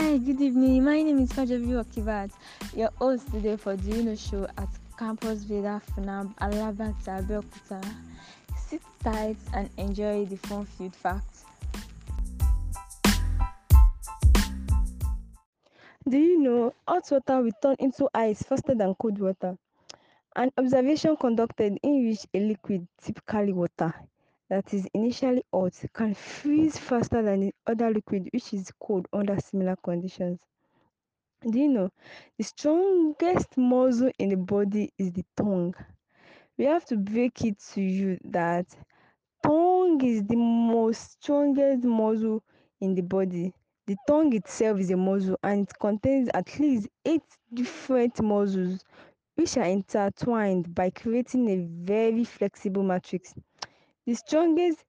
Hi, good evening. My name is Kajavi you your host today for the UNO show at Campus Veda Funab Alabata Belkuta. Sit tight and enjoy the fun field facts. Do you know hot water will turn into ice faster than cold water? An observation conducted in which a liquid, typically water, that is initially hot can freeze faster than the other liquid which is cold under similar conditions. Do you know the strongest muscle in the body is the tongue? We have to break it to you that tongue is the most strongest muscle in the body. The tongue itself is a muscle and it contains at least eight different muscles which are intertwined by creating a very flexible matrix. The strongest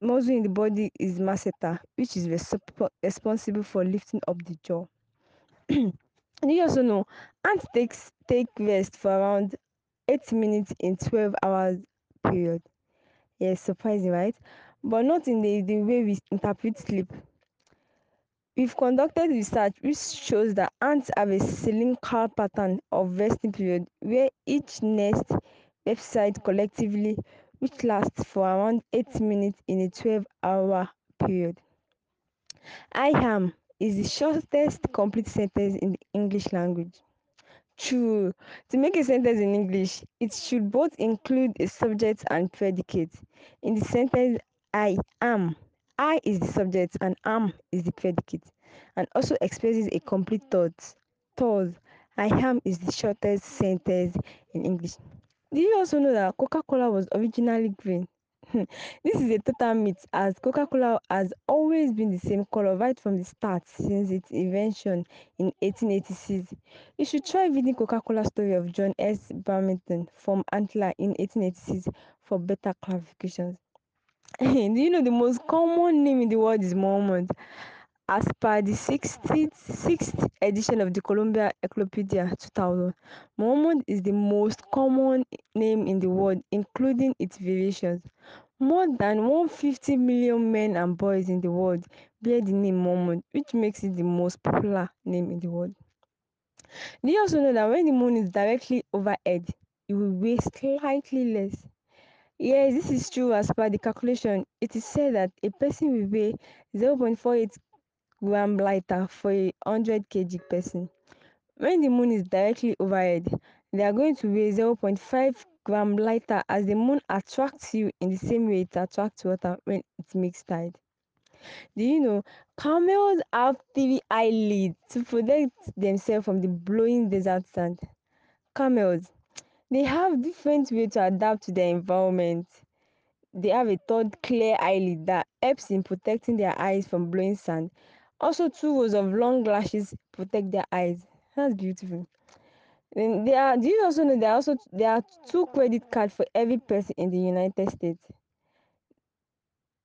muscle in the body is masseter which is resp- responsible for lifting up the jaw. And you also know ants takes take rest for around 8 minutes in 12 hours period. Yes, surprising, right? But not in the, the way we interpret sleep. We've conducted research which shows that ants have a cylindrical pattern of resting period where each nest website collectively which lasts for around 8 minutes in a 12 hour period. I am is the shortest complete sentence in the English language. True. To make a sentence in English, it should both include a subject and predicate. In the sentence, I am, I is the subject and am is the predicate, and also expresses a complete thought. Thought. I am is the shortest sentence in English. Do you also know that Coca Cola was originally green? Hmm. this is a total myth as Coca Cola has always been the same color right from the start since its invention in 1886. You should try reading Coca Cola story of John S. Barmington from Antler in 1886 for better clarifications. Do you know the most common name in the world is Mormon? As per the 66th edition of the Columbia Encyclopedia 2000, Muhammad is the most common name in the world, including its variations. More than 150 million men and boys in the world bear the name Muhammad, which makes it the most popular name in the world. Do you also know that when the moon is directly overhead, it will weigh slightly less? Yes, this is true as per the calculation. It is said that a person will weigh 0.48 gram lighter for a 100 kg person. When the moon is directly overhead, they are going to weigh 0.5 gram lighter as the moon attracts you in the same way it attracts water when it's mixed tide. Do you know camels have three eyelids to protect themselves from the blowing desert sand? Camels, they have different ways to adapt to their environment. They have a third clear eyelid that helps in protecting their eyes from blowing sand also, two rows of long lashes protect their eyes. That's beautiful. Then there are, do you also know there are also there are two credit cards for every person in the United States?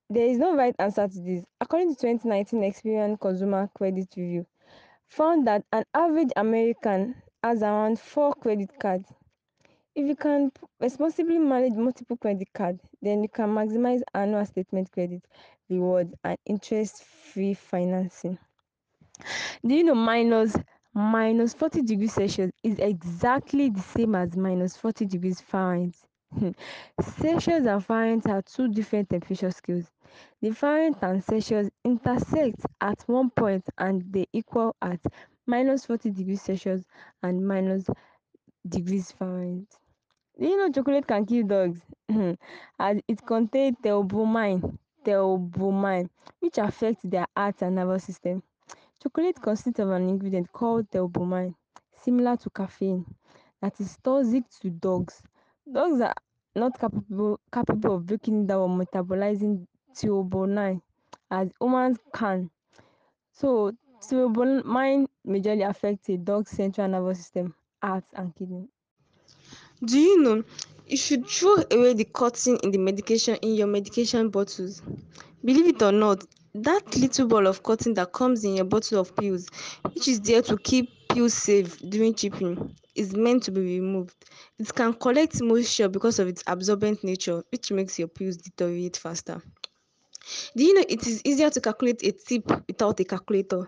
There is no right answer to this. According to 2019 Experian Consumer Credit Review, found that an average American has around four credit cards. If you can responsibly manage multiple credit cards, then you can maximize annual statement credit reward and interest-free financing. Do you know minus minus 40 degrees Celsius is exactly the same as minus 40 degrees Fahrenheit? Celsius and Fahrenheit are two different temperature scales. The Fahrenheit and Celsius intersect at one point and they equal at minus 40 degrees Celsius and minus degrees Fahrenheit. Do you know chocolate can kill dogs? As it contains theobromine, theobromine, which affects their heart and nervous system. Chocolate consists of an ingredient called theobromine, similar to caffeine, that is toxic to dogs. Dogs are not capable, capable of breaking down or metabolizing theobromine as humans can. So, theobromine majorly affects a dog's central nervous system, heart, and kidney. Do you know you should throw away the cotton in the medication in your medication bottles? Believe it or not, that little ball of cotton that comes in your bottle of pills, which is there to keep pills safe during shipping, is meant to be removed. It can collect moisture because of its absorbent nature, which makes your pills deteriorate faster. Do you know it is easier to calculate a tip without a calculator?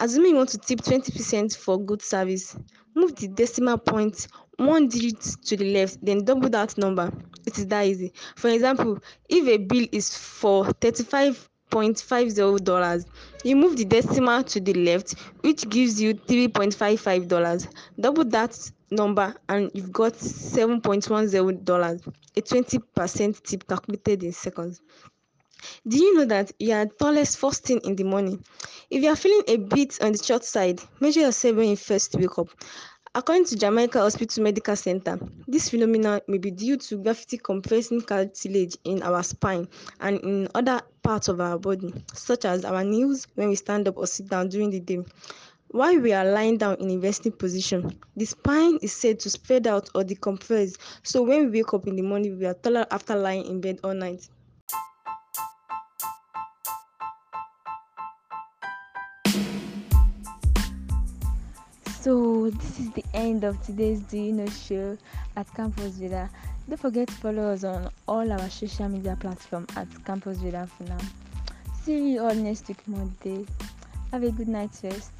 Assuming you want to tip 20% for good service, move the decimal point one digit to the left, then double that number. It is that easy. For example, if a bill is for 35 dollars 50 You move the decimal to the left, which gives you $3.55. Double that number, and you've got $7.10, a 20% tip calculated in seconds. Do you know that you are tallest first thing in the morning? If you are feeling a bit on the short side, measure yourself when you first wake up. According to Jamaica Hospital Medical Center, this phenomenon may be due to gravity compressing cartilage in our spine and in other parts of our body, such as our knees when we stand up or sit down during the day. While we are lying down in a resting position, the spine is said to spread out or decompress, so when we wake up in the morning, we are taller after lying in bed all night. So this is the end of today's Do You Know show at Campus Villa. Don't forget to follow us on all our social media platforms at Campus Villa for now. See you all next week Monday. Have a good night first.